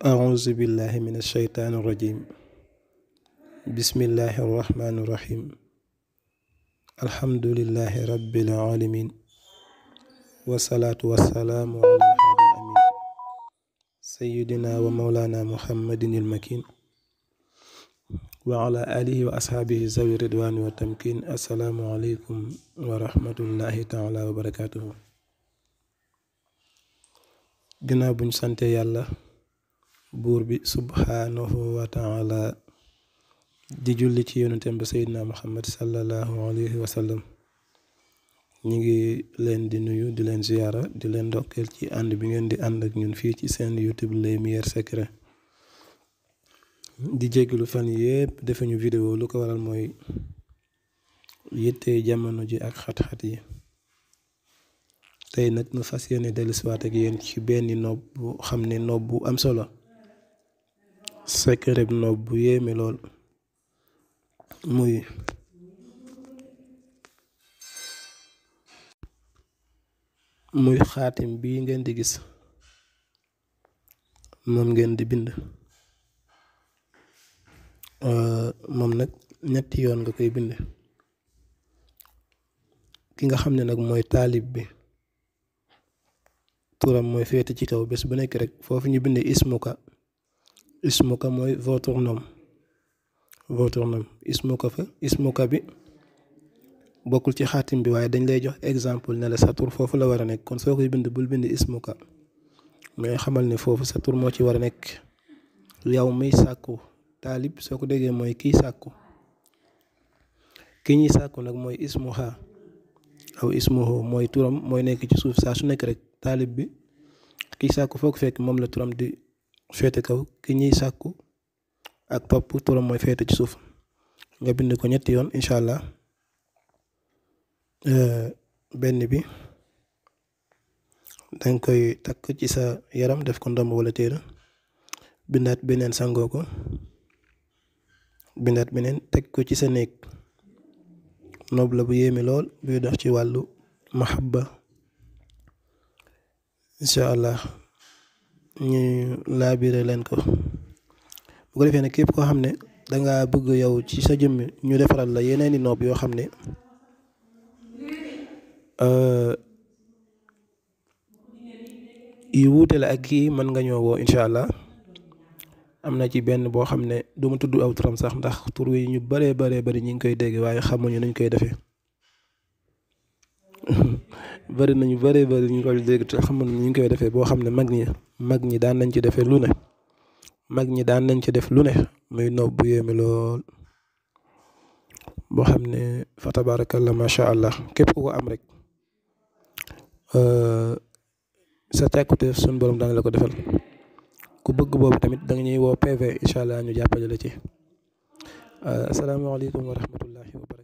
أعوذ بالله من الشيطان الرجيم بسم الله الرحمن الرحيم الحمد لله رب العالمين والصلاة والسلام على الهادي الأمين سيدنا ومولانا محمد المكين وعلى آله وأصحابه ذوي الرضوان والتمكين السلام عليكم ورحمة الله تعالى وبركاته جناب سنتي الله buur bi subhaanahu wa taala di julli ci yonentem ba seydina muhammad sallallahu alayhi wa sallam ñu ngi leen di nuyu di leen ziyaara di leen ndokkeel ci ànd bi ngeen di ànd ak ñun fii ci seen youtube les meilleurs secrets di jégalu fan yépp defuñu vidéo lu ko waral mooy yitte jamono ji ak xat-xat yi tey nag nu fas yéene dellusiwaat ak yéen ci benn nob bu xam ne nob bu am solo secret bu nopp bu yéeme lool muy muy bii ngeen di gis moom ngeen di bind euh, moom nag ñetti yoon nga koy bind ki nga xam ne nag mooy taalib bi turam mooy féete ci kaw bés bu nekk rek foofu ñu bind ismuka ismuka mooy votre nom votre nom ismuka fa ismuka bi bokkul ci xaatim bi waaye dañ lay jox exemple ne la sa tur foofu la war a nekk kon soo koy bind bul bind ismuka mais xamal ne foofu sa tur moo ci war a nekk yow muy sàkku taalib soo ko déggee mooy kiy sàkku ki ñuy sàkku nag mooy ismuha aw ismuhu mooy turam mooy nekk ci suuf saa su nekk rek taalib bi kiy sàkku foo ko fekk moom la turam di féete kaw ki ñuy sakku ak topp tolo moy fête ci suuf nga bind ko ñetti yoon inshallah allah euh, benn bi dang koy takk ci sa yaram def ko ndomb wala téere bindaat beneen sangoo ko bindaat beneen ko ci sa néeg noble bu buy ci mahabba allah ñu laabiré leen ko bu ko defee ne képp koo xam ne danga bëgg yow ci sa jëmm ñu defaral la yeneen i noob yoo xam ne euh, yu wuute la ak kii mën nga ñoo woo incha allah am na ci benn boo xam ne du tudd aw turam sax ndax tur wi ñu bare bëree bari ñu ngi koy dégg waaye xamuñu nuñ koy defee. bari nañu bari bari ñu ko dégg te xamul ñu ngi koy defé bo xamné ne mag ñi mag ñi daan nañ ci defé lu ne mag ñi daan nañ ci def lu ne muy nopp bu yéeme lool boo xam ne fa tabarakallah macha allah képp ku ko am rek sa càkkuteef suñ borom daan la ko defal ku bëgg boobu tamit da nga ñuy woo PV incha allah ñu jàppale la ci asalaamaaleykum wa rahmatullahi wa barakatuh